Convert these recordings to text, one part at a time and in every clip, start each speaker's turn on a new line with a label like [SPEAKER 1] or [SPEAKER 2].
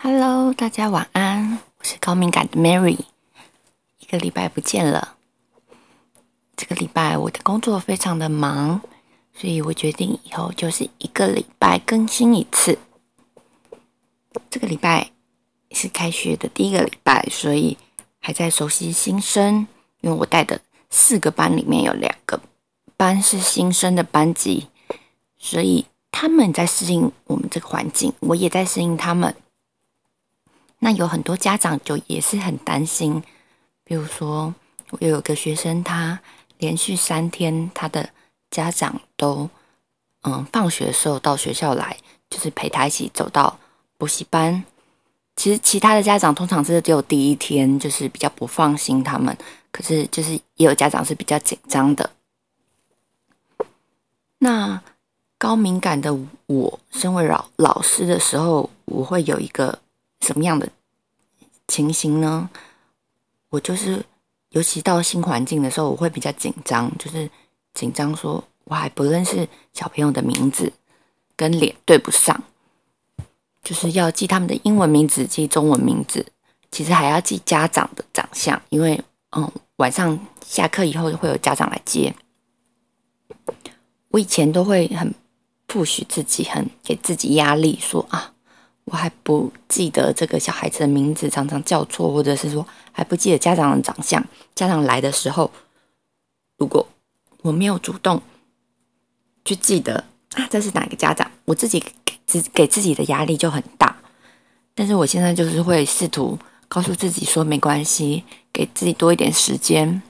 [SPEAKER 1] Hello，大家晚安，我是高敏感的 Mary。一個禮拜不見了，這個禮拜我的工作非常的忙，所以我決定以後就是一個禮拜更新一次。這個禮拜是開學的第一個禮拜，所以還在熟悉新生，因為我帶的四個班裡面有兩個班是新生的班級，所以他們在適應我們這個環境，我也在適應他們。那有很多家長就也是很擔心，比如說，我有一個學生，他連續三天，他的家長都嗯放學的時候到學校來，就是陪他一起走到補習班。其實其他的家長通常是只有第一天，就是比較不放心他們，可是就是也有家長是比較緊張的。那高敏感的我，身為老老師的時候，我會有一個。怎麼樣的情形呢？我就是，尤其到新環境的時候，我會比較緊張，就是緊張，說我還不認識小朋友的名字，跟臉對不上，就是要記他們的英文名字，記中文名字，其實還要記家長的長相，因為嗯，晚上下課以後就會有家長來接。我以前都會很不許自己，很給自己壓力，說啊。我還不記得這個小孩子的名字，常常叫錯，或者是說還不記得家長的長相。家長來的時候，如果我沒有主動去記得啊，這是哪個家長，我自己給自給自己的壓力就很大。但是我現在就是會試圖告訴自己說，沒關係，給自己多一點時間，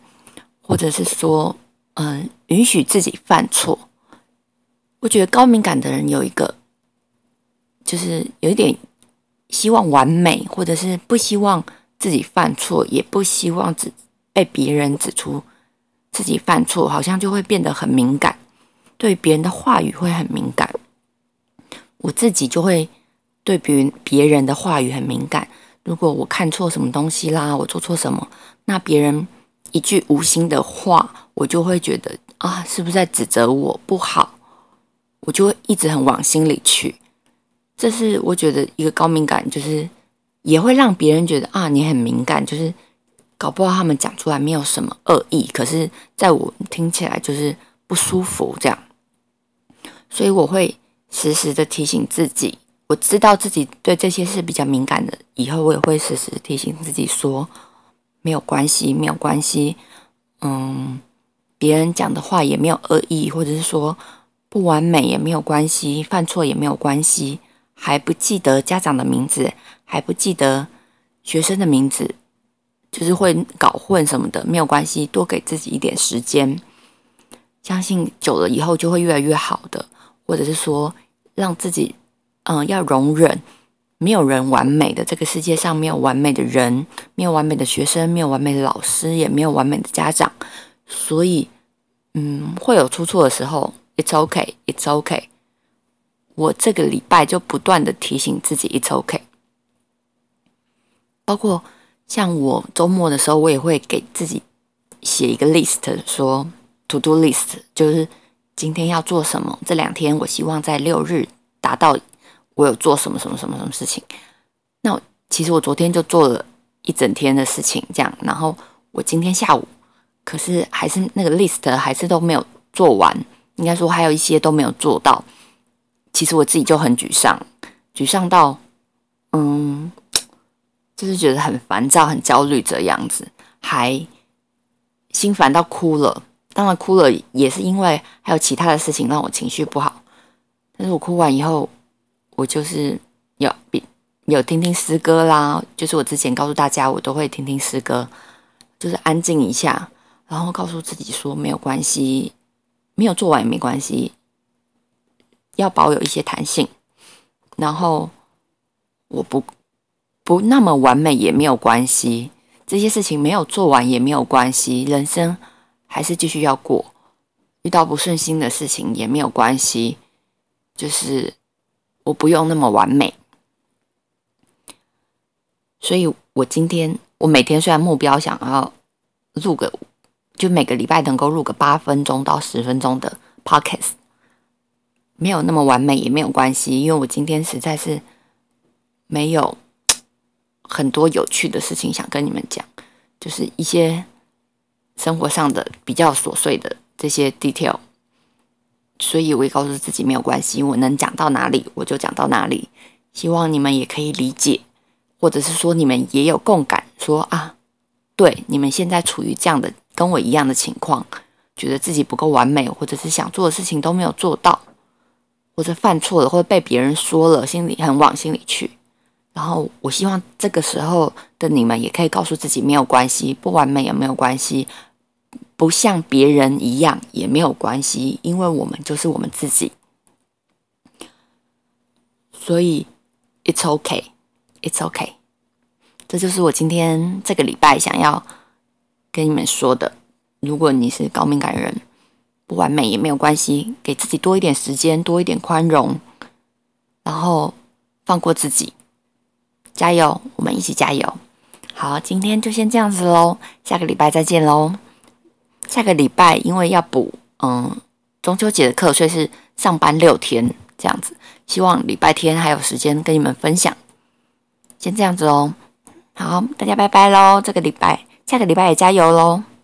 [SPEAKER 1] 或者是說，嗯、呃，允許自己犯錯。我覺得高敏感的人有一個。就是有一點希望完美，或者是不希望自己犯錯，也不希望指被別人指出自己犯錯，好像就會變得很敏感，對別人的話語會很敏感。我自己就會對別人別人的話語很敏感。如果我看錯什麼東西啦，我做錯什麼，那別人一句無心的話，我就會覺得啊，是不是在指責我不好？我就會一直很往心裡去。這是我覺得一個高敏感，就是也會讓別人覺得啊，你很敏感，就是搞不好他們講出來沒有什麼惡意，可是在我聽起來就是不舒服這樣，所以我會時時的提醒自己，我知道自己對這些事比較敏感的，以後我也會時時提醒自己說，沒有關係，沒有關係，嗯，別人講的話也沒有惡意，或者是說不完美也沒有關係，犯錯也沒有關係。還不記得家長的名字，還不記得學生的名字，就是會搞混什麼的，沒有關係，多給自己一點時間，相信久了以後就會越來越好的。或者是說，讓自己，嗯，要容忍，沒有人完美的，這個世界上沒有完美的人，沒有完美的學生，沒有完美的老師，也沒有完美的家長，所以，嗯，會有出錯的時候，It's OK，It's OK。我這個禮拜就不斷的提醒自己 it's OK，包括像我周末的時候，我也會給自己寫一個 list，說 to do list，就是今天要做什麼。這兩天我希望在六日達到我有做什麼什麼什麼什麼事情。那我其實我昨天就做了一整天的事情，這樣，然後我今天下午可是還是那個 list 還是都沒有做完，應該說還有一些都沒有做到。其實我自己就很沮喪，沮喪到，嗯，就是覺得很煩躁、很焦慮這樣子，還心煩到哭了。當然哭了也是因為還有其他的事情讓我情緒不好。但是我哭完以後，我就是有比有聽聽詩歌啦，就是我之前告訴大家，我都會聽聽詩歌，就是安靜一下，然後告訴自己說沒有關係，沒有做完也沒關係。要保有一些彈性，然後我不不那麼完美也沒有關係，這些事情沒有做完也沒有關係，人生還是繼續要過，遇到不順心的事情也沒有關係，就是我不用那麼完美，所以我今天我每天雖然目標想要錄個，就每個禮拜能夠錄個八分鐘到十分鐘的 podcast。沒有那麼完美也沒有關係，因為我今天實在是沒有很多有趣的事情想跟你們講，就是一些生活上的比較瑣碎的這些 detail，所以我也告訴自己沒有關係，我能講到哪裡我就講到哪裡，希望你們也可以理解，或者是說你們也有共感，說啊，對，你們現在處於這樣的跟我一樣的情況，覺得自己不夠完美，或者是想做的事情都沒有做到。或者犯錯了，或者被別人說了，心裡很往心裡去。然後，我希望這個時候的你們也可以告訴自己，沒有關係，不完美也沒有關係，不像別人一樣也沒有關係，因為我們就是我們自己。所以，It's okay，It's okay，這就是我今天這個禮拜想要跟你們說的。如果你是高敏感人，不完美也沒有關係，給自己多一點時間，多一點寬容，然後放過自己，加油！我們一起加油！好，今天就先這樣子嘍，下個禮拜再見嘍。下個禮拜因為要補嗯中秋節的課，所以是上班六天這樣子，希望禮拜天還有時間跟你們分享。先這樣子嘍，好，大家拜拜嘍！這個禮拜，下個禮拜也加油嘍！